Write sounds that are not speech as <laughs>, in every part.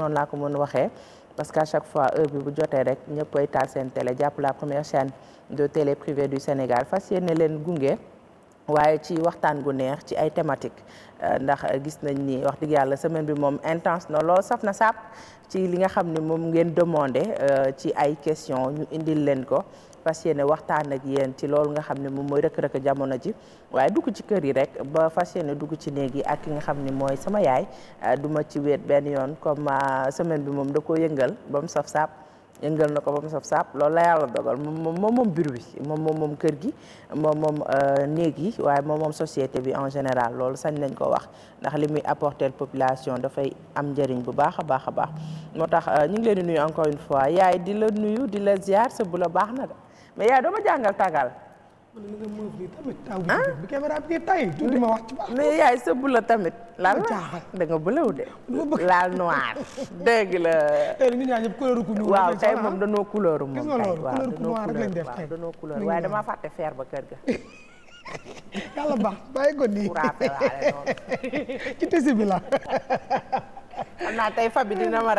noonu laa ko mën waxee parce que à chaque fois heure bi bu jotee rek ñëppay taal seen télé jàpp la première chaîne de télé privée du Sénégal fas yéene leen gunge waaye ci waxtaan gu neex ci ay thématiques euh, ndax gis nañ ni wax dëgg yàlla semaine bi moom intense na lool saf na sàpp ci li nga xam ne moom ngeen demandé euh, ci ay questions ñu indil leen ko. fas yéene waxtaan ak yéen ci loolu nga xam ne moom mooy rëkk-rëkk jamono ji waaye dugg ci kër yi rek ba fas yéene dugg ci néeg yi ak ki nga xam ni mooy sama yaay ah, du ma ci wéet benn yoon comme ah, semaine bi moom da ko yëngal ba mu saf saap yëngal na ko ba mu saf saap loolu la yàlla dogal moom moom moom bureau bi moom moom moom kër gi moom moom euh, néeg yi waaye moom moom société bi en général loolu sañ nañ ko wax ndax li muy apporter population dafay am njëriñ bu baax a baax a baax moo tax euh, ñu ngi leen di nuyu encore yaay di la nuyu di la ziar sa bu baax na de mais yaay ah? doo ma jàngal tàggal. yaay sa bula tamit. laal la da bulaw de. <laughs> laal noir dégg la. waaw tey moom danoo couleur moom. tey waaw danoo couleur waaye damaa fàtte fer ba kër ga. <laughs> yàlla baax bàyyi ko nii. <laughs> ci tesi bi la. xam naa tey fa bi dina ma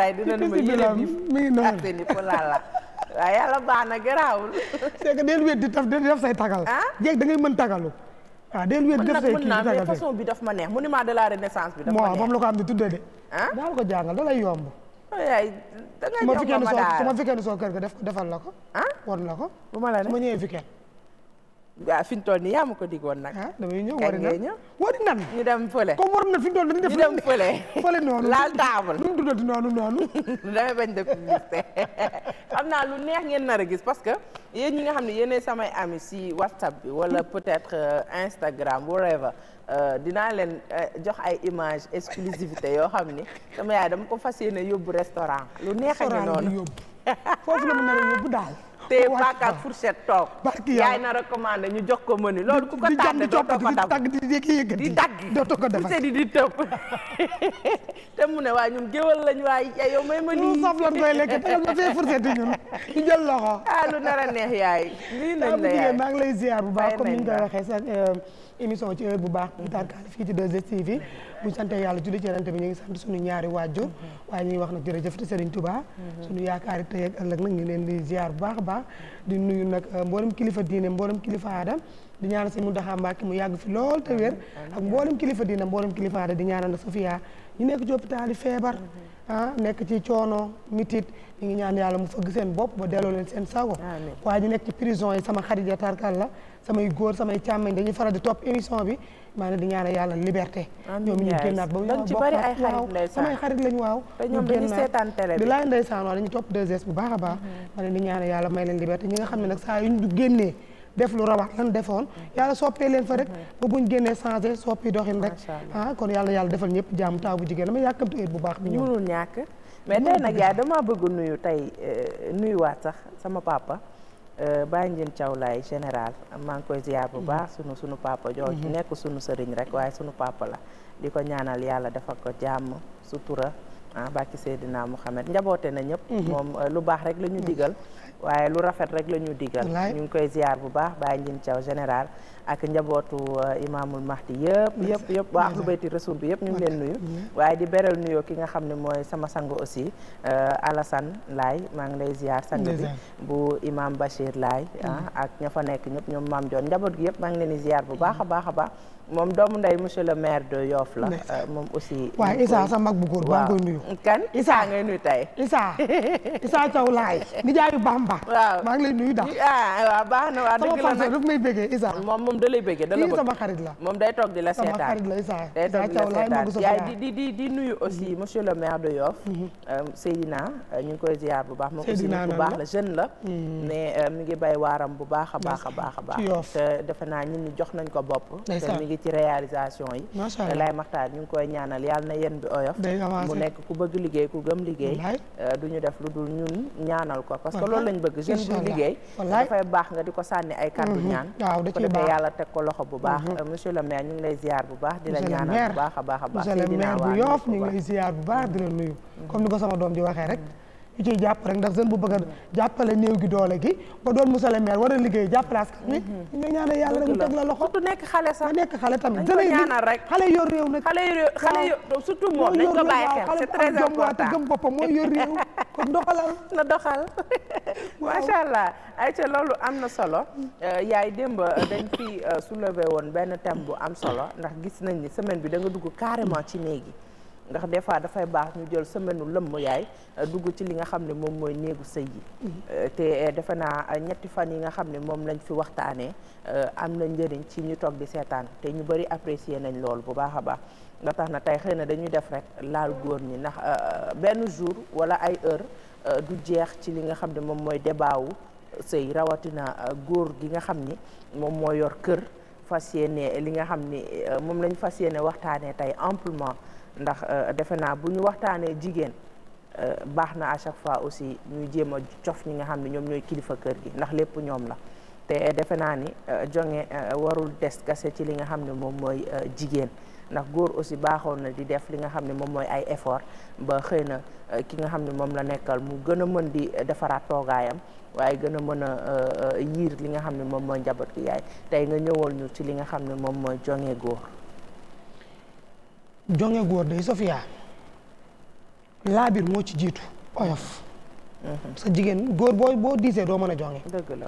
waaw yàlla baax na garaawul. <laughs> c'est que del wéet di taf de def say tagal. ah jéeg da ngay mën tagalu. ah del wéet def say kii di tagal façon bi daf ma neex monument de la renaissance bi. daf ma neex moom la ko am di tuddee de. daal ah? ko jàngal da yomb. Oh, ay da ngay yomb ma daal su ma fi kenn soo kër ga def defal la ko. ah la ko. bu ma la ne su ma ñëwee fi kenn waa ah, fi mu toll nii yaa ma ko digoon nag. ah damay ñëw wari nan wari nan. ñu dem fële. comme waroon na fi mu toll dañuy def. ñu dem <laughs> fële. noonu laal taabal. nu mu tuddati noonu noonu. <laughs> damay bañ def publicité <laughs> xam naa lu neex ngeen nar a gis parce que yéen ñi nga xam ne yéenay samay ami si WhatsApp bi wala hmm. peut-être euh, Instagram whatever euh, dinaa leen euh, jox ay image exclusivité yoo xam ni sama yaay dama ko fas yéene yóbbu restaurant. lu neex a ngi noonu foofu la mën a yóbbu daal. téye paaka ak fourchette toog. barki yaay na recommandé ñu jox ko mëni loolu ku ko tànn doo <laughs> te mu ne waa ñun géwal lañu waay yow may ma nii. saf lan koy lekk te ma ñu jël loxo. ah lu nar a neex yaay. lii nañ la yaay maa bu baax comme ni nga ko waxee sa euh, émission ci heure bu baax tarkaal fii ci 2STV bu ñu sante yàlla julli ci yonent bi ñu ngi sant suñu ñaari waajur mm-hmm. waaye ñuy wax nag jëf te Serigne Touba mm-hmm. suñu yaakaari tey ak ëllëg nag ñu leen di ziar bu baax a baax Touba di nuyu nag euh, mboolem kilifa diine mboolem kilifa aada di ñaanal sëñ Muntaxa Mbàkke mu yàgg fi lool te wér ak mboolem kilifa diine mboolem kilifa aada di ñaanal na Sofia ñu nekk ci hôpital feebar ah nekk ci coono mitit ñu ngi ñaan yàlla mu fëgg seen bopp ba delloo leen seen sago waaye ñu nekk ci prison yi sama xarit ya tarkal la samay góor samay càmmeñ dañuy faral di topp émission bi maa ngi di ñaanal yàlla liberté ñoom ñu génnaat ba ñu ci bari ay xarit waaw samay xarit lañu waaw ñu génnaat di laay ndeysaan waaw topp 2 baax baax maa ngi di ñaanal yàlla may leen liberté ñi nga xam ne nag saa yu ñu génnee def lu rawax lan defoon mm. yàlla soppee leen fa rek mm. ba buñ génnee changé soppi doxin rek ah kon yàlla yàlla defal ñëpp jàmm taaw bu jigéen dama yàkkamti heure bu baax bi ñëw mënul ñàkk mais tey nag yaay damaa bëgg nuyu tey euh, nuyu waat sax sama papa euh, Baye Ndiène Thiaw laay général maa ngi koy ziar bu mm-hmm. baax sunu sunu papa jooju mm-hmm. nekk sunu sëriñ rek waaye sunu papa la di ko ñaanal yàlla defal ko jàmm sutura ah bàkki Seydina Mouhamed njaboote na ñëpp mm-hmm. moom euh, lu baax rek la ñu digal waaye lu rafet rek la ñu digal ñu ngi koy ziar bu baax Baye Ndiène Thiaw général ak njabootu euh, imaamul mahdi yëpp yëpp yëpp waa ahlu bayti rasul bi yëpp ñu ngi leen nuyu waaye di beral nuyoo ki nga xam ne mooy sama sang aussi euh, Alassane laay maa ngi lay ziar sang bi bu imam Bachir laay ah, ak ña fa nekk ñëpp ñoom maam Dione njaboot gi yëpp maa ngi leen di ziar bu baax a baax a baax moom doomu ndey monsieur le maire de Yoff la. Euh, moom aussi. waaw Issa sa mag bu góor maa ngi koy nuyu. kan Issa ngay nuyu tey. Issa <laughs> Issa Thiaw laay. nijaayu Bamba. maa ngi lay nuyu daal. Ah, baax na waa dëgg la nag sama may bëggee Issa. moom moom da lay bëggee da la bëgg sama xarit la. moom day toog di la seetaan sama xarit la Issa. day toog di la yaay di nuyu aussi mhm. monsieur le maire de Yoff. Mhm. Euh, Seydina euh, ñu ngi koy ziar bu baax. Seydina bu baax la jeune la. mais mhm. mi ngi bay waaram bu baax a baax a baax a baax. te defe naa ñun jox nañ ko bopp ngi ci réalisation yi Laay Maxtaar ñu ngi koy ñaanal yàlla na yéen bi oyof mu nekk ku bëgg liggéey ku gëm liggéey euh, du ñu def lu dul ñun ñaanal ko parce loolu lañ bëgg jeune buy liggéey dafay baax nga di ko sànni ay kàddu mm-hmm. ñaan ko defee yàlla teg ko loxo bu baax mm-hmm. monsieur le maire ñu lay ziar bu baax di la ñaanal bu baax a baax a baax monsieur le maire bu Yoff ñu ngi lay bu baax di la nuyu mm-hmm. comme ni ko sama doom di waxee ñu jàpp rek ndax jeune bu bëgg a jàppale néew gi doole gi ba doon musale maire war a liggéey jàppale askan wi mhm. ñu nga ñaanal yàlla rek mu teg la loxo nekk xale sax nekk xale tamit ñaanal rek xale yor réew nag xale yor surtout moom nañ ko bàyyi xel c'est très important gëm boppam mooy yor réew <laughs> kon doxalal na doxal <laughs> macha allah ay am na solo euh, yaay démb euh, dañ fi euh, soulevé woon benn thème bu am solo ndax gis nañ ni semaine bi da nga dugg carrément ci néegi ndax des fois dafay baax ñu jël semaine lëmm yaay euh, dugg ci li nga xam ne moom mooy néegu sëy yi mm-hmm. euh, te euh, defe naa ñetti fan yi nga xam ne moom lañ fi waxtaanee am na njëriñ ci ñu toog di seetaan te ñu bëri apprécier nañ loolu bu baax a baax nga tax na tey xëy na dañuy def rek laal góor ñi ndax benn jour wala ay heure du jeex ci li nga xam ne moom mooy débaawu sëy rawatina góor gi nga xam ni moom moo yor kër fas yéene li nga xam ni moom lañ fas yéene waxtaanee tey amplement ndax euh, defe naa bu ñu waxtaanee jigéen euh, baax na à chaque fois aussi ñuy jéem a cof ñi nga xam ne ñoom ñooy kilifa kër gi ndax lépp ñoom la te defe naa ni euh, jonge warul des kase ci li nga xam ne moom mooy jigéen ndax góor aussi baaxoon na di def li nga xam ne moom mooy ay effort ba xëy na ki nga xam ni moom la nekkal mu gën a mën di defaraat toogaayam waaye gën a mën a yiir li nga xam ne moom mooy njaboot gi yaay tey nga ñëwal ñu ci li nga xam ne moom mooy jonge góor jonge góor day Sofia laabir moo ci jiitu oyof. Mhm. sa jigéen góor boo boo diisee doo mën a jonge. dëgg la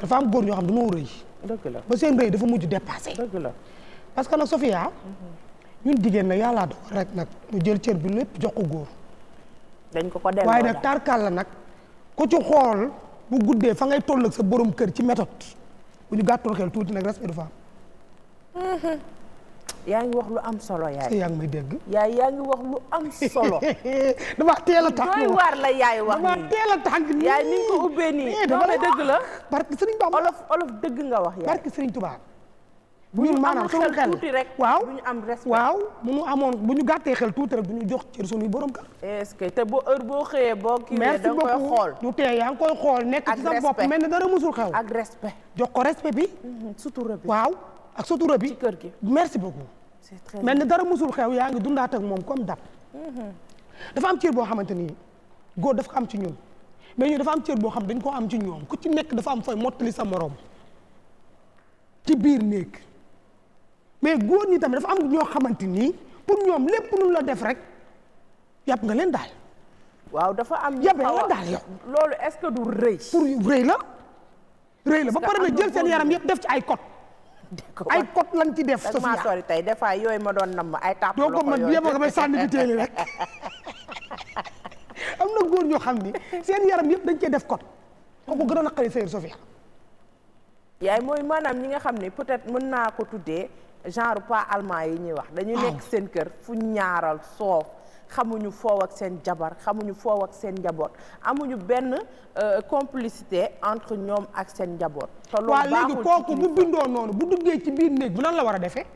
dafa am góor ñoo xam dañoo rëy. dëgg la ba seen rëy dafa mujj dépassé. dëgg la parce que nag Sofia. Mhm. ñun jigéen nag yàllaa dogal rek nag mu jël cër bi lépp jox ko góor. dañ ko ko delloo waaye nag tarkal la nag ko ci xool bu guddee fa ngay toll sa borom kër ci méthode bu ñu gàttal xel tuuti nag respect du femme. yaa ngi wax lu am solo yaay. yaa ngi may dégg. yaay yaa ngi wax lu am solo. <laughs> dama teel a tànk doy waar la yaay wax nii dama teel a tànk nii. yaay ni nga ko ubbee nii. Eh, dama la dëgg la. barke Serigne Touba olof olof dëgg nga wax yaay. barke Serigne Touba. ñun maanaam suñu xel tuuti rek. waaw bu ñu am respect waaw bu ñu amoon bu ñu gàttee xel tuuti rek du ñu jox cër suñuy borom kër. te boo heure boo xëyee boo. kii da nga koy xool du tee yaa ngi koy xool. nekk ci sa bopp mel ne dara musul xew. ak respect jox ko respect bi. Mm-hmm. sutura bi waaw. ak sa tura bi kër gi merci beaucoup. c'est très bien mel ni dara musul xew yaa ngi dundaat ak moom comme dab. Mm-hmm. dafa am cër boo xamante ni góor dafa am ci ñun mais ñun dafa am boo xam dañ koo am ci ñoom ku ci nekk dafa am fooy mottali sa morom ci biir néeg mais góor ñi tamit dafa am ñoo xamante ni pour ñoom lépp lu la def rek yàpp nga leen daal. waaw dafa am yàpp nga daal yow. loolu est-ce que du rëy. pour rëy la. rëy la ba pare na jël seen yaram yëpp def ci ay code. ay code lañ ci def. social maa sori tey des fois yooyu ma doon namm ay. tàpp loxo yooyu doo ko man damay sànni bi téeli rek <laughs> am na góor ñoo xam ni seen yaram yëpp dañ cee def ko kooku gënoon a xale sëyër Sophia. yaay mooy maanaam ñi nga xam ne peut-être mën naa ko tuddee genre pas allemand yi ñuy wax. Ah. dañu nekk seen kër fu ñaaral soof. xamuñu foow ak seen jabar xamuñu foow ak seen njaboot amuñu benn euh, complicité entre ñoom ak seen njaboot. te loolu baaxul léegi kooku bu bindoo noonu bu duggee ci biir néeg bu nan la war a defee.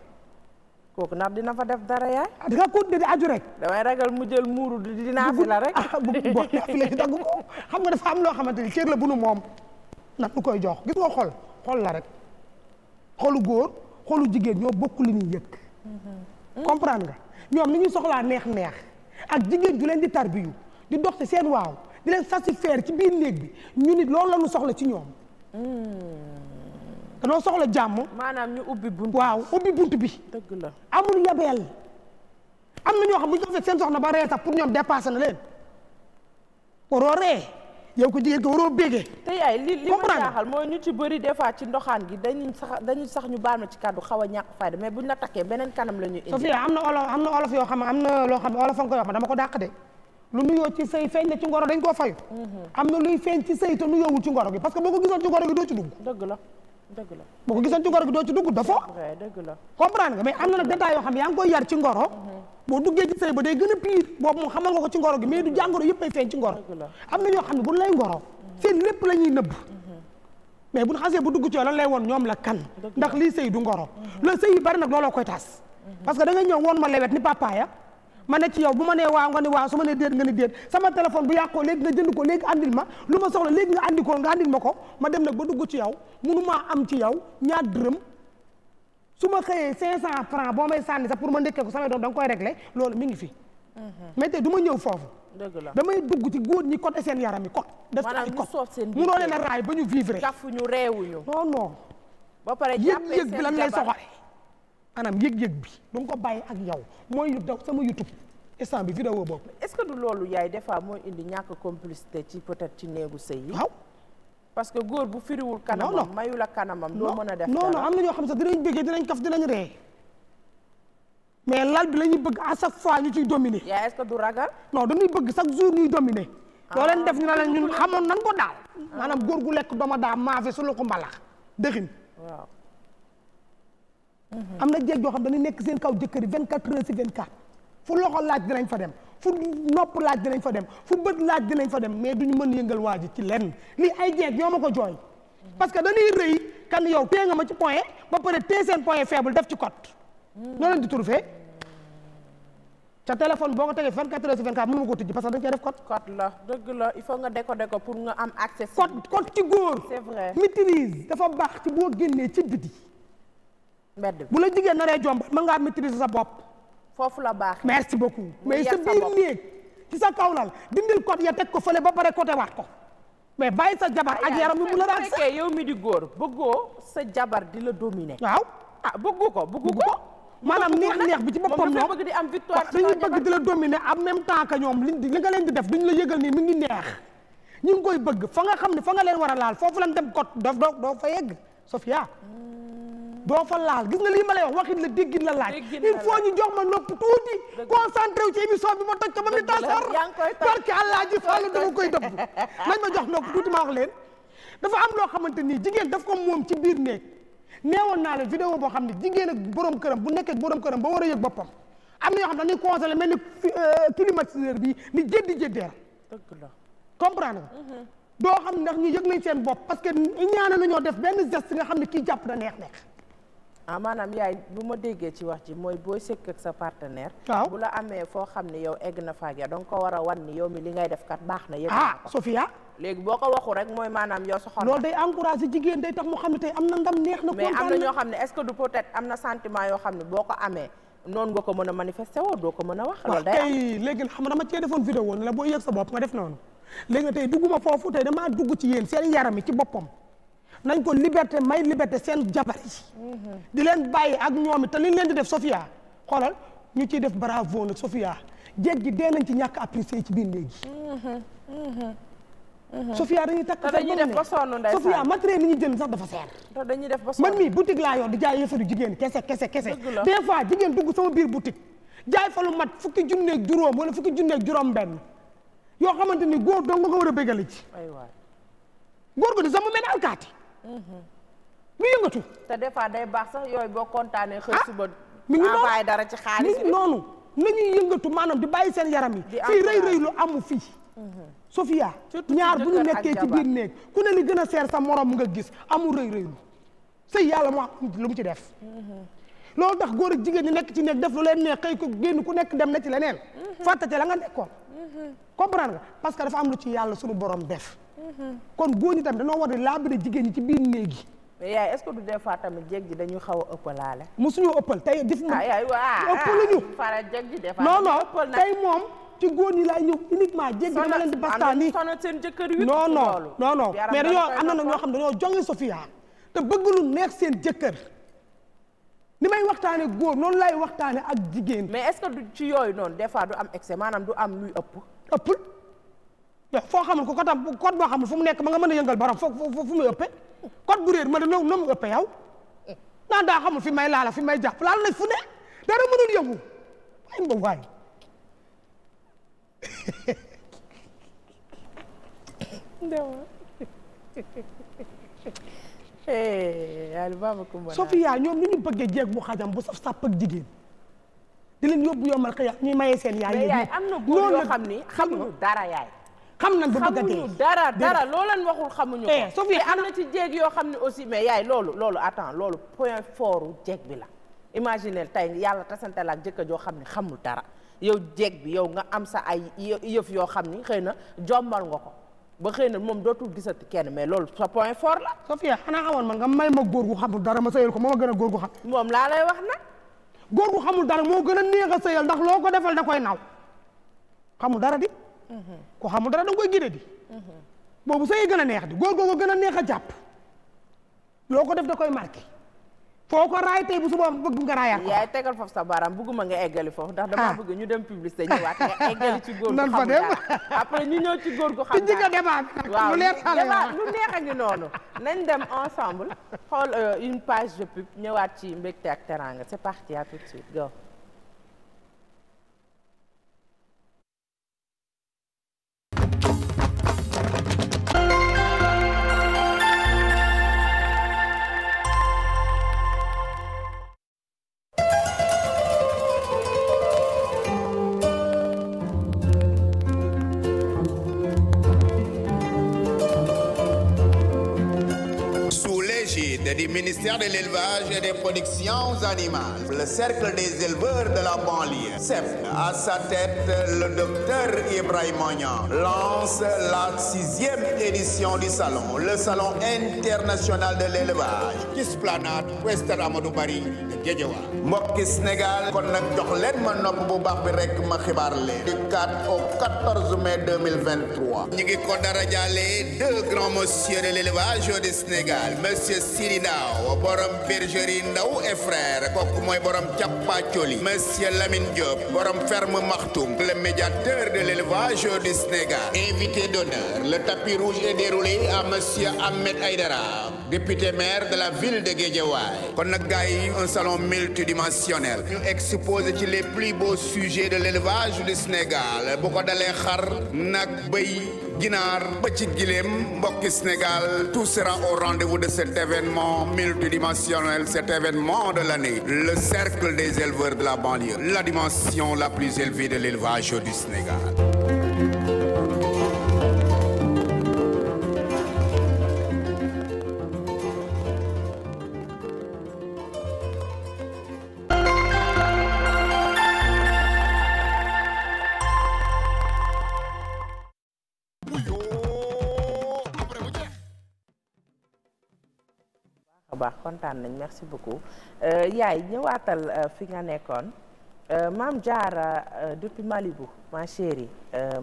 kooku ndax dina fa def dara yaay. ah di nga continuer di aju rek. damay ragal mu jël muuru dinaa fi la rek. Ah, bu bon léegi dagg ko xam nga dafa am loo xamante ni cër la bu nu moom. ndax nu koy jox gis nga xol xol la rek xolu góor xolu jigéen ñoo bokk li ñuy yëg. Mhm. comprendre nga ñoom li ñuy soxlaa neex neex. ak jigéen ju leen di tarbiyu di dox ci seen waaw di leen satisfaire ci biir néeg bi ñu nit loolu la ñu soxla ci ñoom. Hmm. danoo soxla jàmm. maanaam ñu ubbi bunt waaw ubbi bunt bi. dëgg la amul yabeel. am na ñoo xam bu ñu ko fekk seen soxna ba ree tax pour ñoom dépassé na leen waroo ree yow ko jigéen ko waroo béggee. te yaay li li ma jaaxal mooy ñu ci bëri des fois ci ndoxaan gi dañuy sax dañuy sax ñu baal ma ci kàddu xaw a ñàkk fayda mais buñ la takkee beneen kanam la ñu indi. Sofia am na olof am na olof yoo xam am na loo xam olof nga koy dama ko dàq de lu nuyoo ci sëy feeñ na ci ngoro dañ koo fayu. Mm-hmm. am na luy feeñ ci sëy te nuyoowul ci ngoro gi parce que boo ko gisoon ci ngoro gi doo ci dugg. la dëgg la boo ko gisoon ci ngoro gi doo ci dugg dafa dëgg nga mais am na nag détails yoo xam yaa ngi koy yar ci ngoro oh. mhm. boo duggee ci sëy ba day gën a piir boobu moom xamal ko ci ngoro gi mais du jàngoro yëpp ay feeñ ci ngoro am na ñoo xam ne bu lay ngoro mhm. seen lépp la ñuy nëbb mhm. mais bu ñu xasee bu dugg ci lan lay woon ñoom la kan ndax lii sëy du ngoro la sëy yi bari nag looloo koy tas parce que da ngay ñëw ma lewet ni papaaya ma ne ci yow bu ma nee waaw nga ni waaw su ma nee déet nga ni déet sama téléphone bu yàqoo léegi nga jënd ko léegi andil ma lu ma soxla léegi nga andi ko nga andil ma ko ma dem nag ba dugg ci yow maa am ci yow ñaar dërëm su ma xëyee 500 francs boo may sànni sax pour ma ndëkkee ko samay da nga koy régler loolu mi ngi fi. Mhm. mais tey ma ñëw foofu. dëgg la damay dugg ci góor ñi côté seen yaram yi côté. def ko ay côté munoo leen a raay ba ñu vivre. kafuñu réewuñu. non non. ba pare yëg-yëg bi lan lay soxore anam yëg-yëg bi ba mu ko bàyyi ak yow mooy yu daw sama YouTube instant bi vidéo boobu. est-ce que du loolu yaay des fois mooy indi ñàkk complicité ci peut-être ci néegu sëy yi. waaw parce que góor bu firiwul. kanamam mayu la kanamam. doo mën a def non non am na ñoo xam sax dinañ bëggee dinañ kaf dinañ ree mais lal bi la bëgg à chaque fois ñu ciy dominer. yaa est-ce que du ragal. non dañuy bëgg chaque jour ñuy dominer. loo leen def ñu ne leen ñun xamoon nañ ko daal. Ah. maanaam góor gu lekk doma daa maafe su la ko mbalax dëxin waaw. am na jeeg yoo xam dañuy nekk seen kaw jëkkër yi 24 heures si 24 fu loxo laaj dinañ fa dem fu nopp laaj dinañ fa dem fu bët laaj dinañ fa dem mais duñu mën yëngal waa ji ci lenn lii ay jeeg ñoo ma ko jooy parce que dañuy rëy kan yow tee nga ma ci point ba pare tee seen point faible def ci cote ñoo leen di trouver sa téléphone boo ko tegee 24 heures sur 24 mënu ma ko tijji parce que dañ cee def code. code la dëgg la il faut nga décoder ko pour nga am accès. code code ci góor. c'est vrai maîtrise dafa baax ci boo génnee ci biti. mbedd bu la jigéen naree jombat mën ngaa maîtriser sa bopp. foofu merci beaucoup. mais sa biir néeg ci sa kaw lal dindil code ya teg ko fële ba pare côté waat ko. mais bàyyi sa jabar ak yaram bi mu la daan sax yow mi di góor sa jabar di la dominer. waaw ah bëggu ko bëggu ko. maanaam neex neex bi ci boppam ñoom bëgg di am victoire dañuy bëgg di la dominer en même temps ñoom li nga leen di def duñu la yëgal nii mi ngi neex ñu ngi koy bëgg fa nga xam ne fa nga leen war a laal foofu lañ dem kot daf doo doo fa yegg doo fa laal gis nga lii ma lay wax waxin la déggin la laaj il faut ñu jox ma nopp tuuti concentré wu ci émission bi ma toj ko ba mi tasar barke àllaa ji fàllu dama koy dëbb ma jox leen dafa am loo xamante nii jigéen daf ko moom ci biir néeg neewoon naa la vidéo boo xam ne jigéen ak borom këram bu nekkee borom këram ba war a yëg boppam am na yoo xam ne dañuy conseillé mel ni euh, climatiseur bi ni jëddi jëddeer comprendre nga mhm. doo xam ndax ñu yëg nañ seen bopp parce que ñaane def benn geste nga xam ne kii jàpp da neex neex ah maanaam yaay bu ma déggee ci wax ji mooy booy sëkk ak sa partenaire. bu la amee foo xam ne yow egg na faak ya da ko war a wan ni yow mi li ngay def kat baax na. yëg ah Sofia. léegi boo ko waxu rek mooy maanaam yow soxor. loolu day encouragé jigéen tax mu xam ne am na ndam neex na. kontaan na mais am na ñoo xam que du peut na sentiment yoo xam ne boo ko amee. noonu nga ko a manifester woo doo ko mën a wax. loolu day kay léegi xam nga dama cee defoon vidéo boo yëg sa bopp nga def noonu. léegi tey dugguma foofu tey damaa dugg ci yéen seen yaram yi ci boppam nañ ko liberté may liberté seen jabar yi di leen bàyyi ak ñoom te liñ leen di def Sofia xoolal ñu ci def bravo nag Sofia jéeg gi dee nañ ci ñàkk apprécier ci biir léegi Sofia dañuy takk sax dañuy def ba sonn ndeysaan matériel yi ñu jënd sax dafa seer def ba sonn man mii boutique laa yor di jaay yëfadu jigéen kese kese kese des fois jigéen dugg sama biir boutique jaay fa lu mat fukki junneeg juróom wala fukki junneeg juróom benn yoo xamante ni góor dong nga ko war a bégale ci góor gu di sax mu mel alkaati mu yëngatu. te des fois day baax sax yooyu boo kontaanee. xëy ah! suba mi ngi noonu dara ci xaalis bi noonu. nañuy yëngatu maanaam di bàyyi seen yaram yi. fii rëy rëy lu amu fii. Mhm. Sofia ñaar bu ñu nekkee ci biir néeg ku ne li gën a seer sa morom nga gis amu rëy rëy lu sëy yàlla moo xam lu mu ci def. Mhm. loolu tax góor ak jigéen ñi nekk ci nekk def lu leen neex xëy ko génn ku nekk dem na ci leneen. Mhm. fàtte la nga nekkoon. comprendre nga parce que dafa am lu ci yàlla suñu borom def. kon góor ñi tamit danoo war a laabire jigéen ñi ci biir néeg yi. mais yaay est-ce que du des fois tamit jéeg ji dañu xaw a ëppalaale. ëppal tey def na. ay ah, ay waaw ëppaluñu. Ah, faral jéeg ji des fois tey moom. ci góor ñi laay ñëw uniquement jéeg ji dama leen di bastaani. sonal seen jëkkër yu non non non non mais dañoo am na ñoo xam ne dañoo jonge Sofia te bëgg lu neex seen jëkkër. li may waxtaane góor noonu lay waxtaane ak jigéen. mais est du ci yooyu noonu des fois du am excès maanaam du am luy ëpp. ëppul. mais foo xamul ko kotam code boo xamul fu mu nekk ma nga mën a yëngal borom foo fu muy ëppe code bu réer ma ne noo noo naan daa xamul fi may laala fi may jàpp laal nañ fu ne dara mënul yëngu ay mba waay dama. Eh, Sofia ñoom ni ñu bu xajam bu saf sàpp ak yaay. xam nañ ba bëgg a dee dara dara loo leen waxul xamuñu ko. eh Sophie am na ci jéeg yoo xam ne aussi mais yaay loolu loolu attends loolu point fort u jéeg bi la. imaginez tey yàlla tasante la ak jëkkër joo xam ne xamul dara yow jeg bi yow nga am sa ay yëf yoo xam ni xëy na jombal nga ko. ba xëy na moom dootul gisati kenn mais loolu sa point fort la. Sophia xanaa amoon ma nga may ma góor gu xamul dara ma sëyal ko ma ma gën a góor gu xam. moom laa lay wax nag. góor gu xamul dara moo gën a néex a sëyal ndax loo ko defal da koy naw dara di. ku xamul dara da nga koy gide di boobu sëy gën a neex di góor googu gën neex a jàpp loo ko def da koy marqué foo ko raay tey bu suba bëgg nga raayaat ko yaay tegal foofu sa baaraam bëgguma nga eggali foofu ndax dama ah. bëgg ñu dem publicité ñëwaat nga eggali ci góor ñu ñëw ci góor gu xam dara débat waaw débat lu neex a ngi noonu nañ dem ensemble xool euh, une page de pub ñëwaat ci mbégte ak teranga c'est parti à tout de suite du ministère de l'élevage et des productions animales, le cercle des éleveurs de la banlieue, CEPL, à sa tête le docteur Ibrahim Agnan, lance la sixième édition du salon, le salon international de l'élevage, Kisplanade, Western Amadou Barry Guédiawaye mbokki Sénégal kon nag jox leen ma nopp bu baax bi rek ma xibaar leen du 4 au mai 2023 ñu ngi ko darajaale deux grands monsieur de l'élevage du Sénégal monsieur Siri Ndaw borom bergerie Ndaw et frère kooku mooy borom càppaacoli monsieur Lamine Diop borom ferme Maxtum le médiateur de l'élevage du Sénégal invité d'honneur le tapis rouge est déroulé à monsieur Ahmed Aïdara député maire de la ville de Guédiawaye kon nag gars yi un salon multidimensionnel ñu exposé ci les plus beaux sujets de l'élevage du Sénégal bu ko dalee xar nag béy ginaar ba ci gileem mbokki Sénégal tout sera au rendez-vous de cet événement multidimensionnel cet événement de l'année le cercle des éleveurs de la banlieue la dimension la plus élevée de l'élevage du Sénégal kontaan nañ merci beaucoup euh, yaay ñëwaatal euh, fi nga nekkoon euh, maam Jaara depuis Malibu ma chérie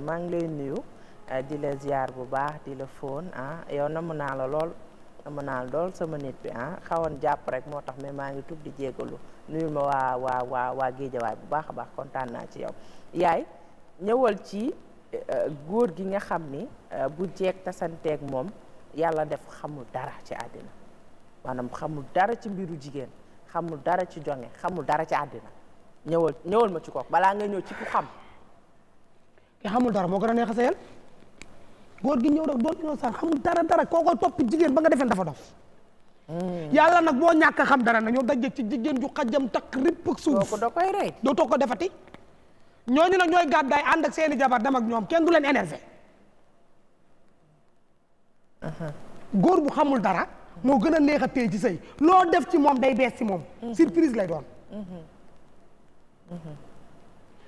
maa ngi lay nuyu di la ziar bu baax di la fóon ah yow mën naa la lool namu naa lool sama nit bi ah xawoon jàpp rek moo tax mais maa ngi tub di jégalu nuyu ma waa waa waa waa géejawaay bu baax a baax kontaan naa ci yow yaay ñëwal ci góor gi nga xam ni bu jeeg tasanteek moom yàlla def xamul dara ci àddina maanaam xamul dara ci mbiru jigéen xamul dara ci jonge xamul dara ci àddina ñëwal ñëwal ma ci kooku balaa nga ñëw ci ku xam ki xamul dara moo gën a neex a seyal gi ñëw rek doon ñoo sax xamul dara dara kooko topp jigéen ba nga defeen dafa hmm. yàlla nag boo ñàkk xam dara na ñoo ci jigéen ju xajam takk ripp ak suuf ko da toog ko defati ñooñu nag ñooy ànd ak seeni jabar dem ak ñoom kenn du leen énervé góor bu xamul dara moo gën a neex a téye ci sëy loo def ci moom day bees ci moom mm-hmm. surprise lay doon mm-hmm. Mm-hmm.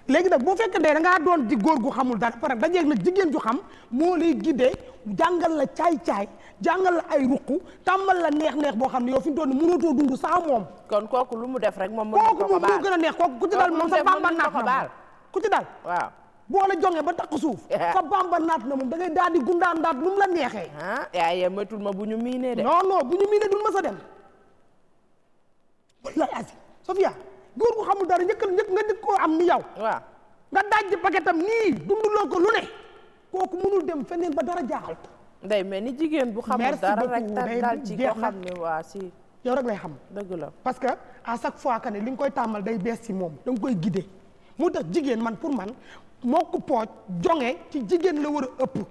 léegi nag boo fekkantee da ngaa doon di góor gu xamul dara par exemple dajeeg nag jigéen ju xam moo lay giddee jàngal la caay-caay jàngal la ay ruq tàmmal la neex-neex boo xam ne yow fi mu toll nii mënatoo dund saa moom kon kooku lu mu def rek moom kooku moom moo gën a neex kooku ku ci dal moom sa bàmba naat na ku ci dal waaw boo la jongee ba takk suuf. <laughs> fa bamba naat na moom da ngay daal di gundaan daat nu mu la neexee. ah yaa matul ma bu ñu miinee de. non non bu ñu miinee duñ ma sa dem. Sofia góor gu xamul dara njëkk njëkk nga njëkk koo am ni yow. waaw nga daj paquetam nii dunduloo ko lu ne. kooku mënul dem feneen ba dara jaaxal. ndey mel ni jigéen bu xamul dara rek daal ci ko xam ne si. yow rek xam. dëgg la parce que à chaque fois que li nga koy tàmmal day bees si moom da koy guidé. mu tax jigéen man pour man moo ko pooj jonge ci jigéen la war a ëpp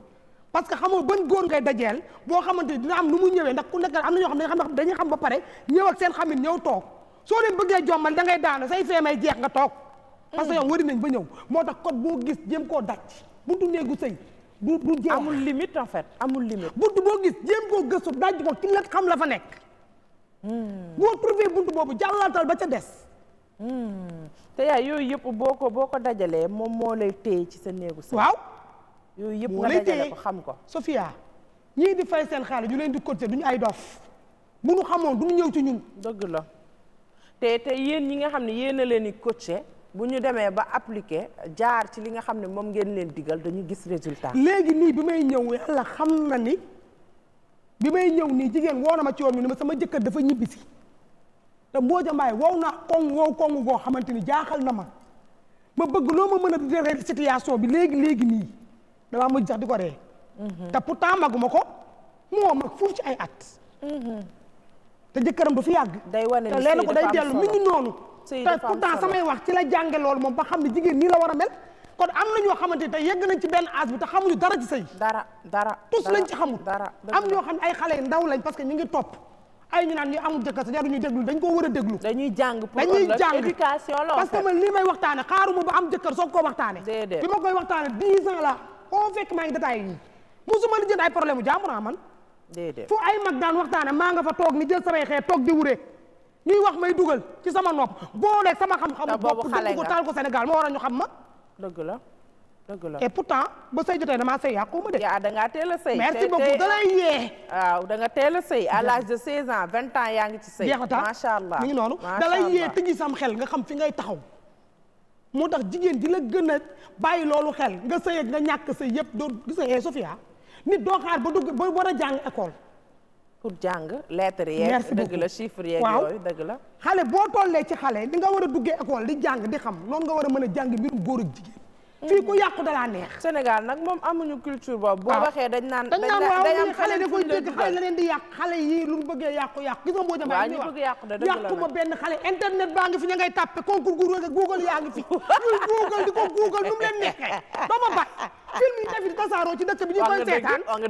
parce que xamoo ban góor ngay dajeel boo xamante dina am nu mu ñëwee ndax ku nekk am na ñoo xam ne dañuy xam ba pare ñëw seen xamit ñëw toog soo leen bëggee jommal da ngay daanu say ay jeex nga toog parce que yow wari nañ ba ñëw moo tax code boo gis jéem koo daj buntu néegu sëy du du jeex amul limite en fait amul limite buntu boo gis jéem koo gëstu daj ko ki la xam la fa nekk hmm. boo trouvé buntu boobu jàllatal ba ca des hmm. te yaay yooyu yëpp boo ko boo ko dajalee moom moo lay téye ci sa néegu sa waaw yooyu yëpp nga dajale ko xam ko Sofia ñii di fay seen xaalis ñu leen di cotiser du ñu ay dof bu ñu xamoon du ñëw ci ñun dëgg la te te yéen ñi nga xam ne yéen a leen di cotiser bu ñu demee ba appliqué jaar ci li nga xam ne moom ngeen leen digal dañu gis résultat léegi nii bi may ñëw yàlla xam na ni bi may ñëw nii jigéen woona ma ci yoon mi ni ma sama jëkkër dafa ñibbisi te Mbodia Mbaye wow na koŋ wow koŋ boo xamante ni jaaxal na ma ma bëgg loo ma mën a dérégler situation bi léegi léegi nii damaa ma sax di ko ree mhm. te pourtant maguma ko moo mag fuuf ci ay at mhm. te jëkkëram du fi yàgg te leen ko day dellu mi ngi noonu te pourtant samay wax ci la jànge loolu moom ba xam ne jigéen nii la war a mel kon am na ñoo xamante ni tey yegg nañ ci benn âge bi te xamuñu dara ci sëy dara dara tus lañ ci xamul am ñoo xam ne ay xale ndaw lañ parce que ñu ngi topp ay ñu naan ñu amul jëkkër sa ñu déglu dañ koo war a déglu. dañuy jàng pour dañuy jàng éducation la parce que man lii may waxtaane xaaruma ba am jëkkër soog koo waxtaane bi ma koy waxtaane dix ans la fekk maa ngi détaillé yi musuma jënd ay problème bu jàmbur ah man ay mag daan maa nga fa toog ni jël samay xeet toog di wuree ñuy wax may dugal si sama nopp boolee sama xam-xam bopp ko taal ko Sénégal moo war a ñu xam ma dëgg la et pourtant ba sëy jotee damaa sëy yàquma de. yaa da ngaa a sëy. merci beaucoup da yee. waaw da nga a sëy à l'âge de 16 ans 20 ans yaa ngi ci sëy. macha allah mi ngi noonu da lay yee tëjji sam xel nga xam fi ngay taxaw. moo tax jigéen di la gën a bàyyi loolu xel nga sëy ak nga ñàkk sëy yëpp doo gis nga eh Sofia nit doo xaar ba dugg ba war a jàng école. pour jàng lettres yeeg dëgg la chiffres dëgg la. xale boo tollee ci xale di nga war a duggee école di jàng di xam noonu nga war a mën a jàng mbirum góor ak fii ku yàqu dalaa neex. Sénégal nag moom amuñu culture boobu. boo waxee dañ naan dañ naan dañ am xale da koy dégg xale di yàq xale yi lu mu bëggee yàqu yàqu gis nga boo demee. ñu bëgg yàqu da dëgg la yàqu ma benn xale internet baa ngi fi ña ngay tàppe concours nu mu leen neexee ba ma ba film yi tamit tasaaroo ci dëkk bi ñu koy seetaan eh, eh, wax nga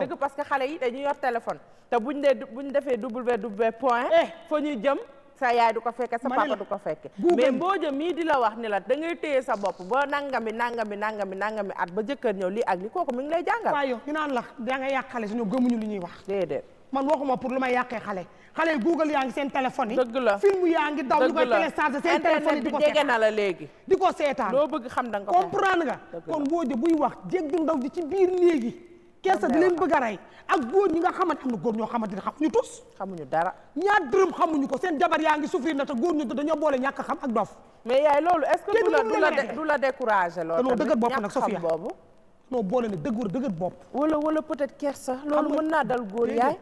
dëgg parce que xale yi dañuy yor téléphone te buñ dee buñ defee w point eh. fo ñuy jëm sa yaay du ko fekke sa papa du ko fekke mais Mbodia mii di la wax ni la da ngay téye sa bopp ba nangami nangami nangami nangami at ba jëkkër ñëw lii ak li kooku mi ngi lay jàngal waaw yow ñu naan la da nga yàq xale suñu gëmuñu li ñuy wax déedéet man waxuma pour lu ma yàqee xale xale google yaa ngi seen téléphone yi dëgg la film yaa ngi daw ñu koy télécharger seen téléphone yi di ko jege na la léegi di ko seetaan loo da nga ko comprendre nga kon Mbodia buy wax jéggi ndaw ji ci biir léegi kersa di leen bëgg a rey ak góor ñi nga xamante am na góor ñoo xamante ne xamuñu tus xamuñu dara ñaar dërëm xamuñu ko seen jabar yaa ngi souffrir na te góor ñu dañoo boole ñàkk xam ak dof mais yaay loolu est-ce que du la découragé loolu non dëgër bopp nag boole ne dëgër bopp wala wala peut-être kersa loolu mën naa dal góor yaay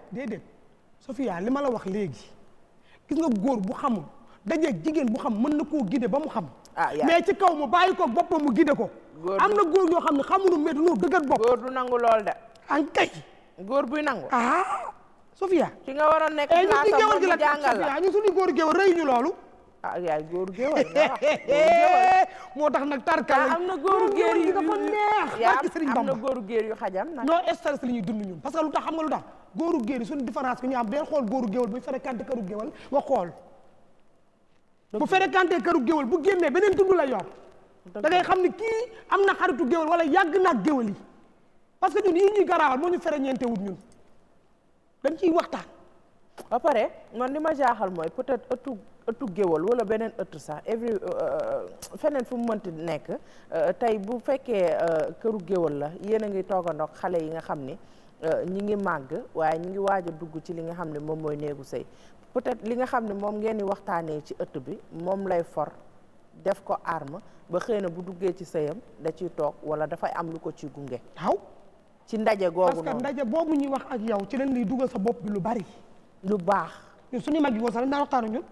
Sofia li ma la wax léegi gis nga góor bu xamul dajeeg jigéen bu xam mën na koo gide ba mu xam ah, mais ci kaw mu bàyyi ko boppam mu gide ko am na góor ñoo xam ne xamuñu mais dañoo dëgër bopp góor du nangu lool de an kay góor buy nangu ah Sofia ki nga waroon nekk eh, ñu si géwal gi la Sofia ñu suñu loolu ah yaay <laughs> moo tax nag tarkal am na góor géer yu dafa neex Sëriñ Bamba am na góor géer yu xajam nag non stress li parce que lu tax xam nga lu tax góoru géer yi suñu différence bi ñu am benn xool góoru géwal buy fréquenté këru géwal wa xool bu fréquenté këru géwal bu génnee beneen tund la yor da ngay xam ni kii am na xaritu géwal wala yàgg naa géwal yi parce que ñun yi ñuy garaawal moo ñu fere ñeente wut ñun dañ ciy waxtaan. ba pare man li ma jaaxal mooy peut-être ëttu ëttu géwal wala beneen ëttu sax every euh, euh, feneen fu mu mënti nekk euh, tey bu fekkee këru géwal la yéen a ngi toogandoog xale yi nga xam ni ñi ngi màgg waaye ñi ngi waaj a dugg ci li nga xam ne moom mooy néegu sëy peut-être li nga xam ne moom ngeen di waxtaanee ci ëtt bi moom lay for def ko arme ba xëy na bu duggee ci sëyam da ciy toog wala dafay am lu ko ci gunge. ci ndaje googu noonu ndaje boobu ñuy wax ak yow ci leen ngay dugal sa bopp bi lu bari. lu baax. ñun suñu mag yi góor sax dañ daan waxtaanu ñun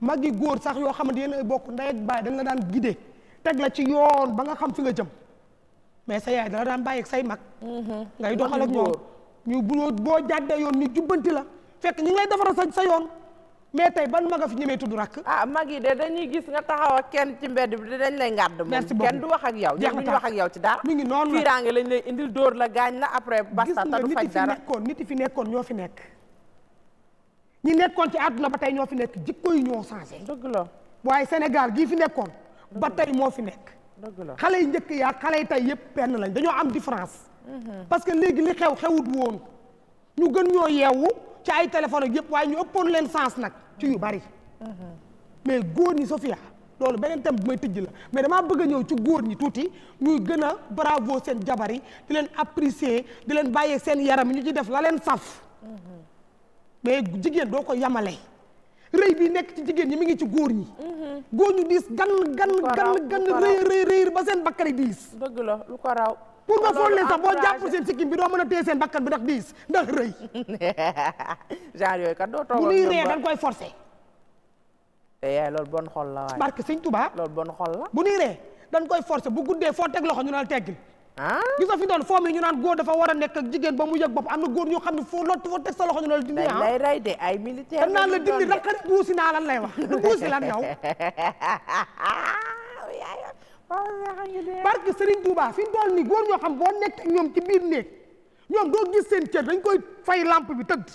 mag yi góor sax yoo xamante yéen ay bokk ndey ak baay dañ la daan gidee teg la ci yoon ba nga xam fi nga jëm mais sa yaay dala daan bàyyi ak say mag. Mm-hmm. ngay doxal ak ñoom ñu bu boo jàddee yoon ni jubbanti la fekk ñu ngi lay defaral sa sa yoon. mais tey ban maga fi ñemee tudd rakk ah mag yi de dañuy gis nga taxaw ak kenn ci mbedd bi dañ lay ngàdd moom kenn du wax ak yow ñoom duñu wax ak yow ci dara mi ngi noonu la fiiraange lañ lay indil dóor la gaañ la après basta ta du faj dara nekkoon nit fi nekkoon ñoo fi nekk ñi nekkoon ci àdduna ba tey ñoo fi nekk jikko yi ñoo changé dëgg la waaye Sénégal gii fi nekkoon ba tey moo fi nekk dëgg la xale yi njëkk yaa xale yi tey yëpp benn lañ dañoo am différence mhm. parce que léegi li xew xewut woon ñu gën ñoo yeewu ci ay téléphone yëpp waaye ñu ëppoon leen sens nag ci yu bari mais góor ñi Sophia loolu beneen thème bu may tëj la mais damaa bëgg a ñëw ci góor ñi tuuti ñuy gën a bravo seen jabar yi di leen apprécier di leen bàyyee seen yaram ñu ci def la leen saf mais jigéen doo ko yamale rëy bi nekk ci jigéen ñi mu ngi ci góor ñi mhm. góor ñu diis gan gan gan gan rëy rëy rëy ba seen bakkari diis la lu ko raw pour nga foog leen boo jàpp seen sikkim bi doo mën a téye seen bakkan bi ndax diis ndax <laughs> yooyu kat doo toog bu ñuy ree koy forcer. te eh, yaay loolu la waaye. barke sëñ Tuubaa loolu bon xol bu dañ koy forcer bu guddee foo teg loxo ñu naan teggil. Ah? gis nga fi doon foo mi ñu naan góor dafa war a nekk ak jigéen ba mu yëg bopp am na góor ñoo xam ne foo lott foo teg sa loxo ñu naan dindi ah. la dindi ah. raqari buusi naa lan lay wax lu <laughs> buusi lan yow <laughs> parce que Serigne Touba fi ñu toll nii góor ñoo xam boo nekk ci biir néeg ñoom doo gis seen cër dañ koy fay lampe bi tëdd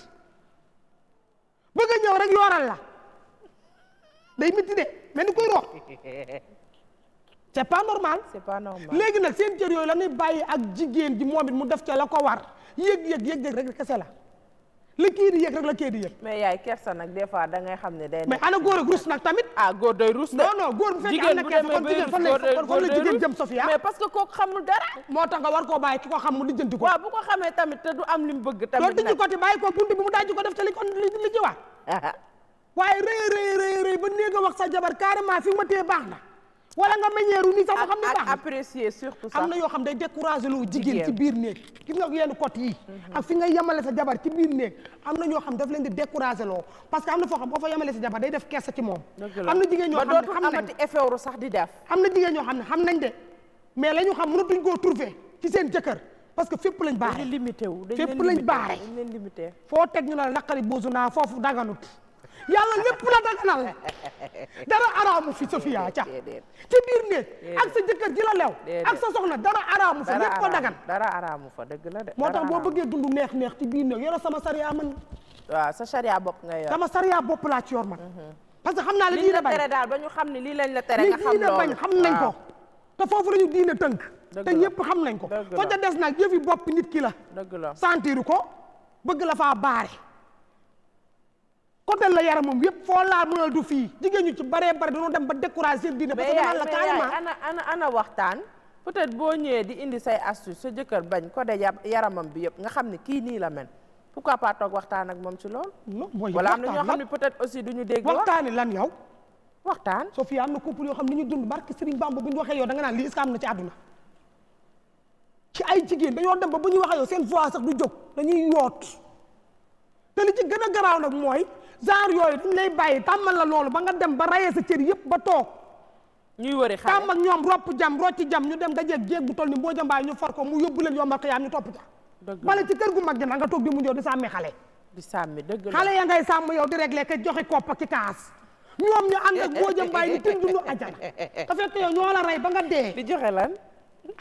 bëgg a rek yooral la day métti de mais ni koy rox <laughs> c'est pas normal c'est pas léegi nag seen cër yooyu la ñuy bàyyi ak jigéen ji moom mu def ca la ko war yéeg yéeg yéeg rek kese la. la kii di yëg rek la kii di yëg. mais yaay kersa nag des fois xam ne day. mais ana góor ak rus nag tamit. ah góor doy rus. non góor bu fekkee am na kersa kon jigéen fan que kooku xamul dara. moo tax nga war koo bàyyi ki ko xam mu lijjanti ko. waaw bu ko xamee tamit te du am li bëgg. tamit nag loolu tijji ko te bàyyi ko buntu bi mu daaj ko def ca kon li li <laughs> waaye rëy rëy ba néeg a wax sa jabar carrément fi ma tee baax na. wala nga meññeeru nii sax xam ne baax am na yoo xam day découragé loo jigéen ci biir néeg gis nga yenn côté yi mhm. ak fi nga yemale sa jabar ci biir néeg am na ñoo xam daf leen di découragé loo parce que am na foo xam boo fa yemale sa jabar day def kersa ci moom am na jigéen ñoo xam ne xam amati effet sax di am na jigéen ñoo xam ne xam nañ de mais la ci seen jëkkër parce que fépp lañ baare fépp lañ baare foo teg ñu la naqari buusu naa foofu daganut yàlla lépp la daganal dara araamu fi Sofia ca ci biir néeg ak sa jëkkër ji la lew ak sa soxna dara araamu fa lépp ko dagan dara araamu fa dëgg la de moo tax moo bëggee dund neex neex ci biir néeg yoro sama sariya man waaw sa sariya bopp nga yor sama sariya bopp laa ci yor man mhm. parce que xam naa la diine bañ daal ba ñu xam ne lii lañ la tere nga xam loolu bañ xam nañ ko te foofu la ñu diine tënk te ñëpp xam nañ ko fa ca des naa yëfi bopp nit ki la sentiru ko bëgg la faa baare côté la yaramam yëpp foo laa mënal du fii jigéen ñu ci baree bare dañoo dem ba découragé seen diine parce que dama waxtaan peut-être boo ñëwee di indi say astuce sa jëkkër bañ côté yaramam bi yëpp nga xam ne kii nii la mel pourquoi pas toog waxtaan ak moom ci loolu wala am na ñoo xam ne peut-être aussi du ñu dégg waxtaani lan yow waxtaan Sophie am na couple yoo xam ne ñu dund barke Serigne Bamba bu ñu waxee yow da nga naan lii est-ce que am na ci àdduna ci ay jigéen dañoo dem ba bu ñuy waxee yow seen voix sax du jóg dañuy yoot te li ci gën a garaaw nag mooy genre yooyu duñ lay bàyyi tàmmal la loolu ba nga dem ba rayee sa cër yëpp ba toog ñuy wëri xale tàmm ak ñoom ropp jam rocci jam ñu dem dajeeg jéeg bu toll ni boo jambaay ñu for ko mu yóbbu leen yombal xiyaam ñu topp ca wala ci kër gu mag gi na nga toog di mu ñëw di sàmmi xale di sàmmi dëgg la xale ya ngay sàmm yow di réglé ka joxe koppa ki kaas ñoom ñu ànd ak boo jambaay ñu tëndu ñu ajana <laughs> te fekk yow ñoo la rey ba nga dee di joxe lan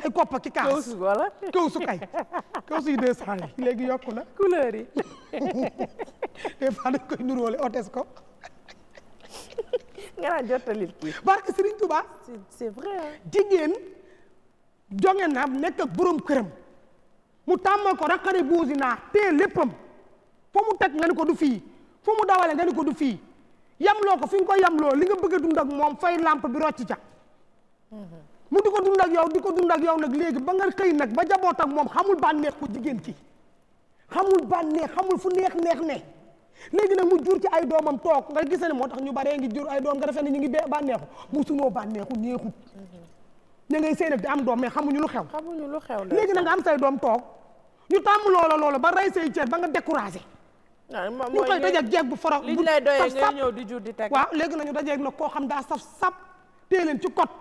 ay koppa ki kaas këwsu wala këwsu kay këwsu yi deux cent yi yokku na couleur yi <laughs> des fois dañ koy otes ko nga naan jottalil kii barke Serigne Touba c'est vrai jigéen jonge na nekk ak borom këram mu tàmmal ko rakkari buusi naa tee léppam fo mu teg ko du fii fo mu dawale nga ko du fii yamloo ko fi nga ko yamloo li nga bëgg a dund ak moom fay lampe bi rocc ca mm-hmm. mu di ko dund yow di ko dund ak yow nag léegi ba nga xëy nag ba jaboot ak moom xamul bànneex ku jigéen ki xamul bànneex xamul fu neex neex ne léegi nag mu jur ci ay doomam toog nga gis ne moo tax ñu baree ngi jur ay doom nga defee ne ñu ngi bee bànneexu mu sunoo bànneexu neexut mm-hmm. ña ngay seen di am doom lu xew xamuñu lu xew léegi nag nga am say doom toog ñu tàmm loola loola ba rey say cër ba nga découragé ah, ñu koy dajeeg jeeg bu foro liñ lay doyee ngay ñëw di di teg waaw léegi nañu dajeeg nag koo xam daa saf sap tée leen ci kot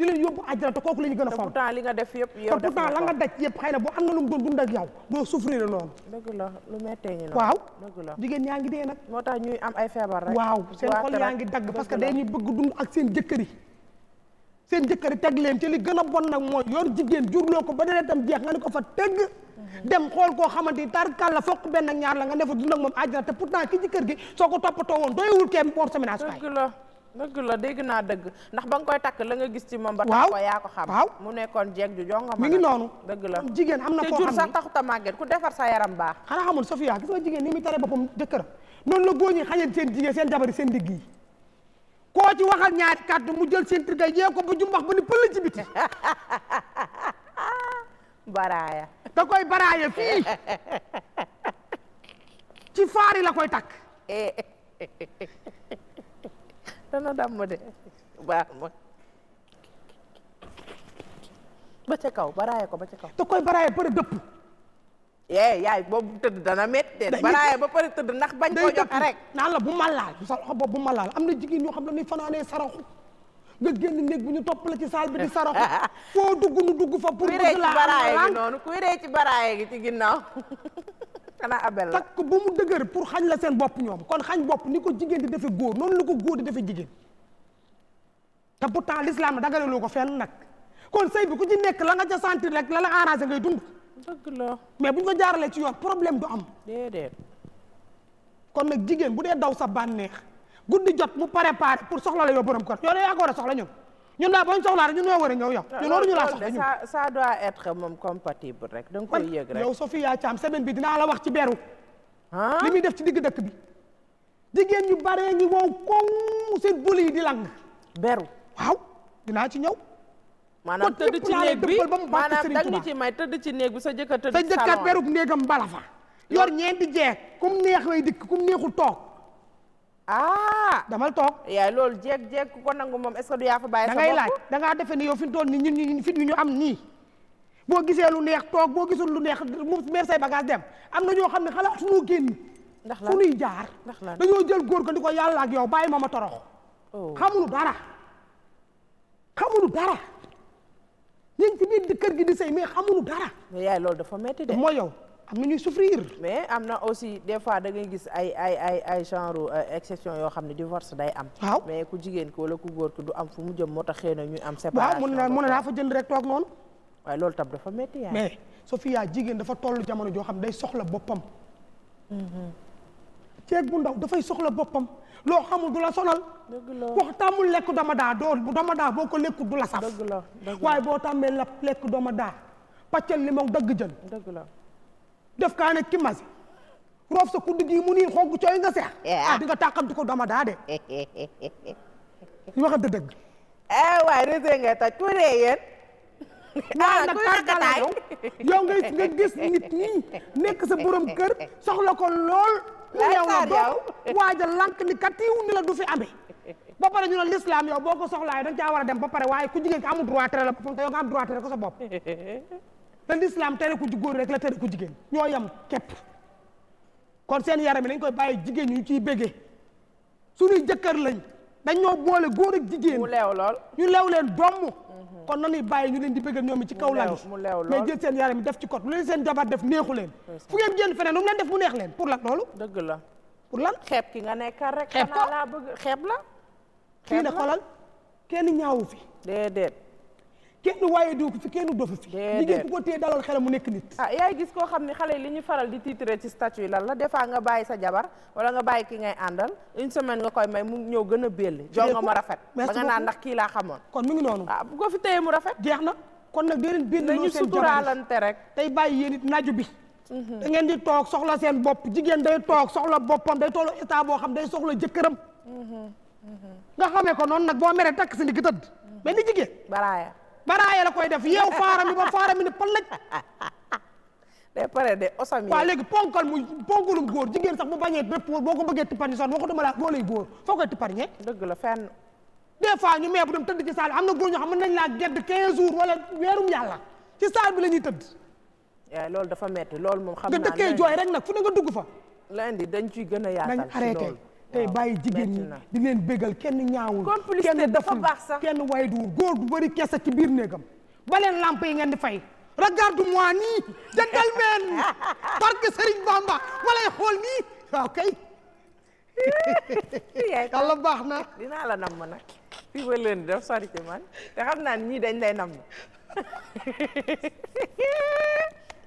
di leen yóbbu àjjana te kooku la gën a fonk pourtant li nga def yëpp yow na boo am na lu doon dund ak yow boo souffrir noonu waaw jigéen ñaa ngi dee nag waaw seen xol yaa ngi dagg parce que dañuy bëgg dund ak seen jëkkër yi seen ci li gën a bon nag mooy yor jigéen jurloo ko ba deretam jeex nga ne ko fa tëgg mhm. dem xool koo xamante ni tarkal la fokk benn ak ñaar la nga ne fa dund ak moom àjjana te pourtant ki jëkkër gi soo ko toppatoo woon doyewul kee mboor séminage dëgg la dégg naa dëgg ndax ba nga koy takk la nga gis ci moom ba takk ko yaa ko xam waaw mu nekkoon jeeg ju jonga mi ngi noonu dëgg la jigéen am na foo xam ne te jur ku defar sa yaram baax xanaa xamul Sofia gis nga jigéen ni muy tare boppam jëkkëram noonu la góor ñi xañal seen jigéen seen jabari seen digg yi koo ci waxal ñaari kàddu mu jël seen tirkay yee ko ba jumbax ba ni pëll ci biti <laughs> baraaya da koy baraaya fii <laughs> ci faari la koy takk <laughs> dana damm de baax ma ba ca baraaye ko ba ca kaw da koy baraaye pare dëpp yee eh, yaay boobu tëdd dana méttee baraaye ba pare tëdd ndax bañ ko joxe rek naan la bu ma laal sa loxo boobu bu ma am na jigéen ñoo xam ne ni fanaanee saraxu nga génn néeg bu ñu topp la ci saal bi di saraxu <laughs> foo dugg nu dugg fa pour bëgg laa kuy ree ci baraaye gi ci baraaye gi <laughs> xanaa abel la takk bu mu dëgër pour xañ la seen bopp ñoom kon xañ bopp ni ko jigéen di defee góor noonu la ko góor di defee jigéen te pourtant l'islam na dagale loo ko fenn nag kon sëy bi ku ci nekk la nga ca sentir rek la la arrangé ngay dund dëgg la mais bu ñu ko jaaralee ci yoon problème du am déedéet kon nag jigéen bu dee daw sa bànneex guddi jot mu préparé pour soxla la yoo borom kër yoo yaa ko war a ñoom ñun daal ñu soxlaa rek ñun ñoo war a ñëw yow ñun waruñu laa soxla ñun ñu doit être moom compatible rek da nga koy yëg rek yow Sophie yaa Thiam semaine bi dinaa la wax beru li muy def ci digg dëkk bi jigéen ñu baree ngi wow kow seen bul yi di lang beru waaw dinaa ci ñëw maanaam tëdd ci néeg bi maanaam dag ñu ci may ci néeg sa jëkkër tëdd sa jëkkër berub néegam bala fa yor ñeenti jeeg kum neex way dikk kum neeku toog ah damal toog yaay loolu jeeg jeeg ku ko nangu moom est-ce que du yaa fa bàyyi sa bopp da laaj da ngaa defe ni yow fi mu toll ni ñun ñu fit yu ñu am nii boo gisee lu neex toog boo gisul lu neex mu meer say bagage dem am na ñoo xam ne xalaat suñu génn ndax la fu jaar ndax la dañoo jël góor ko ni ko yàlla ak yow bàyyi ma ma torox oh. xamuñu dara xamuñu dara ñu ngi ci kër gi di sëy mais xamulu dara mais yaay loolu dafa metti de moo yow am na ñuy souffrir. mais am na aussi des fois da ngay gis ay ay ay ay genre euh, exception yoo xam ne divorce day am. waaw mais ku jigéen ko wala ku góor ko du am fu mu jëm moo tax xëy na ñuy am. séparation waaw mun naa mun naa fa jënd rek toog noonu. waaye loolu tam dafa métti yaay. mais Sophia jigéen dafa toll jamono joo xam ne day soxla boppam. Mm-hmm. ceeb bu ndaw dafay soxla boppam loo xamul du la sonal. la wax tàmmul lekk dama daa doo dama daa boo ko lekkul du la saf. dëgg la waaye boo tàmmee la lekk dama daa pàccal li moom dëgg def kaa ne kimmasi roof sa kuddu gi mu niin xonk nga seex a ah di nga tàqamti ko dama daa de <laughs> ñu waxante dëgg eh, <laughs> ah waay rése nga ta tuure yéen waaw nag tàggala yow yow ngay nga gis nit ñi nekk sa borom kër soxla ko lool mu yow la <laughs> doom waaja lank ni katiw ni la du fi amee ba pare ñu ne l'islam yow boo ko soxlaa da caa war a dem ba waaye ku jigéen ki amul droit tere la boppam ko sa bopp te l'islam tere ku góor rek la ku jigéen ñoo yam képp kon seen yaram yi dañ koy bàyyi jigéen ñu ciy béggee suñuy jëkkër lañ dañ ñoo boole góor ak jigéen mu leew lool ñu lew leen domm mhm. kon nañuy bàyyi ñu leen di béggal ñoom ci kaw lal yi mais jël seen yaram yi def ci kot lu leen seen jabar def neexu leen fu ngeen jël feneen lu mu leen def mu neex leen pour lan loolu dëgg la pour lan xeeb ki nga nekkal rek xeeb ko laa bëgg xeeb la kii ne xolal kenn ñaawu fi déedéet kenn waaye diw fi kenn doofu fi liggéey bu ko téye dalal xelam mu nekk nit ah yaay gis koo xam ne xale yi li ñu faral di titre ci statu yi lan la defaa nga bàyyi sa jabar wala nga bàyyi ki ngay àndal une semaine nga koy may mu ñëw gën a belli jonga mu rafet ba nga naan ndax kii laa xamoon kon mu ngi noonu ah bu ko fi téye mu rafet geex na kon nag déedéet bind nañu suturaalante rek tey bàyyi yéen it naaju bi mhm. da ngeen di toog soxla seen bopp jigéen day toog soxla boppam day tollu état boo xam day soxla jëkkëram mhm, mhm. nga xamee ko noonu nag boo meree takk si ndigg tëdd mais ni jigéen baraaya baraaye la koy def yow faara mi ba faara mi ne palaj day pare de osam yi waaw léegi ponkal mu ponkalum góor jigéen sax bu bañee bépp boo ko bëggee tipparñe sax waxutuma la loo lay góor foo eh? dëgg la fenn des fois ñu mee bu dem tëdd ci saal am na góor ñoo xam mën nañ laa gedd quinze jours wala weerum yàlla ci saal bi la ñuy tëdd yaa loolu dafa metti loolu moom xam naa nga dëkkee jooy rek nag fu dugg fa la indi dañ ciy gën a yaatal nañ arrêté tey bàyyi jigéen ñi di leen bégal kenn ñaawul kenn daful kenn way duwul góor du bëri keesa ci biir néegam ba leen yi ngeen di fay regarde-moi nii jëndal meen <laughs> Bamba ma lay xool nii waaw ah, kay <laughs> <laughs> baax na dinaa la namm nag fii ba leen def sori naa ñii dañ lay namm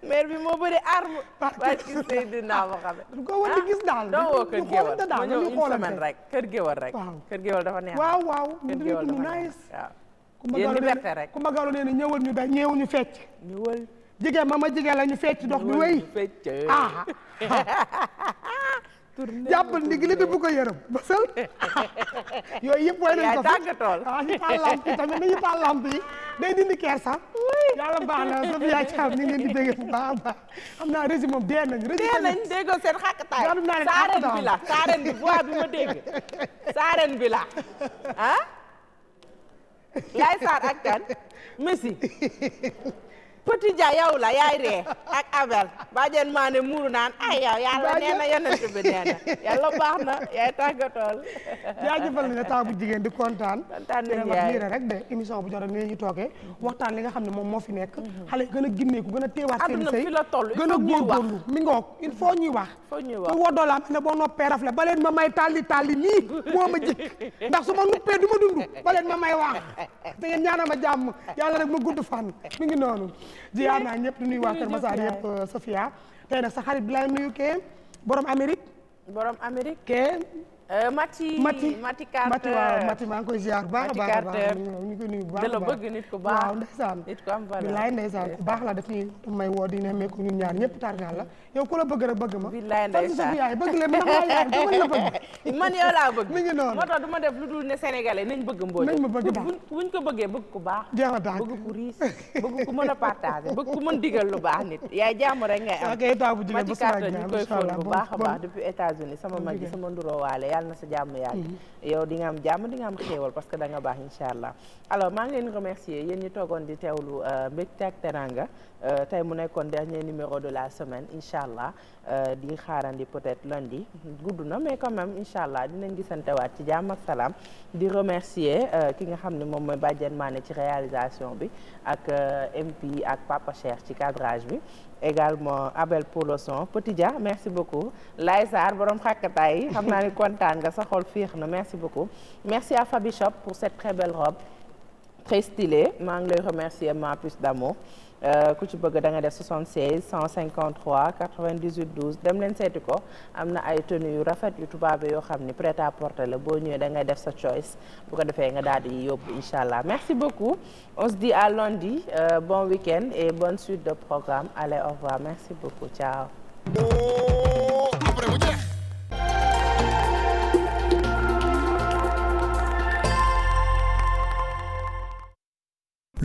maire bi moo bëri arme. waa ci Seydina Mohamed. ah ko wër gis daal. Ah, doo kër géwal ma ñëw une semaine rek kër géwal rek. waaw kër géwal dafa neex. waaw waaw kër géwal dafa neex waaw. yéen liberté rek ku ma gaaw leen ñëwal ñu ba ñëw ñu fecc. ñëwal jigéen ma ma jigéen la ñu fecc dog ñu wéy. ah. <laughs> jàppal ndigli te bu ko yërëm bësal <laughs> yooyu yëpp way nañ ko fi ah ñu taal lamp yi tamit nañu taal lamp yi day dindi kersa yàlla baax na Sofia Thiam ñu ngi leen di dégg bu baax a baax xam naa rési moom dee nañ rési dee nañ déggoo seen xàkkataay gàddu Petit Dia yow la yaay ree ak Abel bàjjen maa ne muuru naan ay yow yàlla nee na yonent bi nee na yàlla baax na yaay tàggatool jaajëfal na la bu jigéen di kontaan kontaan nañ yaay lii rek de émission bu jot ni ñu toogee waxtaan li nga xam ne moom moo fi nekk mhm. xale gën a ginneeku gën a teewaat seen sëy gën a góorgóorlu mi ngoog il faut ñuy wax ku woddoo la ne boo noppee raf la ba leen ma may tàlli tàlli lii moo ma jëkk ndax su ma nuppee du ma dund ba ma may wax te ngeen ñaanal ma jàmm ma gudd fan mi ngi jiyaar naa ñëpp di nuyu waa Kër Massar yëpp Sofia tey nag sa xarit bi laay nuyu kee borom Amérique borom Amérique kee Euh, Mati Mati Mati Carter waaw Mati maa ngi koy ziar bu a a a baax bëgg nit ku baax waaw ndeysaan ku am valeur bilaay ndeysaan la daf ñuy bëgg ma la man maa yaay dama la bëgg <laughs> man yow laa bëgg mi ngi noonu moo tax du ma na bëgg ku riis bëgg ku a partager <laughs> bëgg ku mën digal lu baax nit yaay jàmm rek ngay am Mati Carter ñu koy fóon bu baax a baax depuis États-Unis sama mag sama nduroo yàlla na sa jàmm yàgg mm-hmm. yow di am jàmm di nga am xéewal parce que da nga baax incha allah alors maa ngi leen remercier yéen ñi toogoon di teewlu euh, mbégte ak teranga euh, tey mu nekkoon dernier numéro de la semaine incha allah euh, di nga xaarandi peut-être lundi gudd na mais quand même incha allah dinañ waat ci jàmm ak salaam di remercier ki nga xam ne moom mooy bàjjen maane ci réalisation bi ak MP ak Papa Cheikh ci cadrage bi également Abel pour le son Petit Dia merci beaucoup merci beaucoup merci à Fabi pour cette très belle robe très stylée maa ngi lay remercier ma plus d'amour euh, ku ci bëgg da nga def 76 153 98 12 dem leen seeti ko am na ay tenues yu rafet yu tubaab yoo xam ni prêt à la boo ñëwee da ngay def sa choice bu ko defee nga daal di yóbbu incha allah merci beaucoup on se dit à lundi euh, bon week-end et bonne suite de programme allez au revoir merci beaucoup ciao.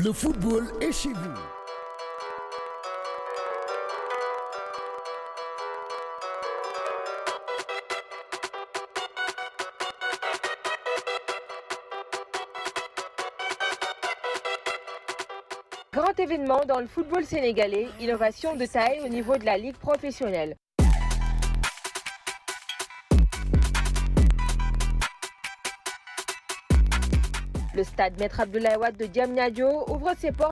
Le football est chez vous. Grand événement dans le football sénégalais, innovation de taille au niveau de la Ligue professionnelle. Le stade Maître Abdoulaye Wade de Diamniadio ouvre ses portes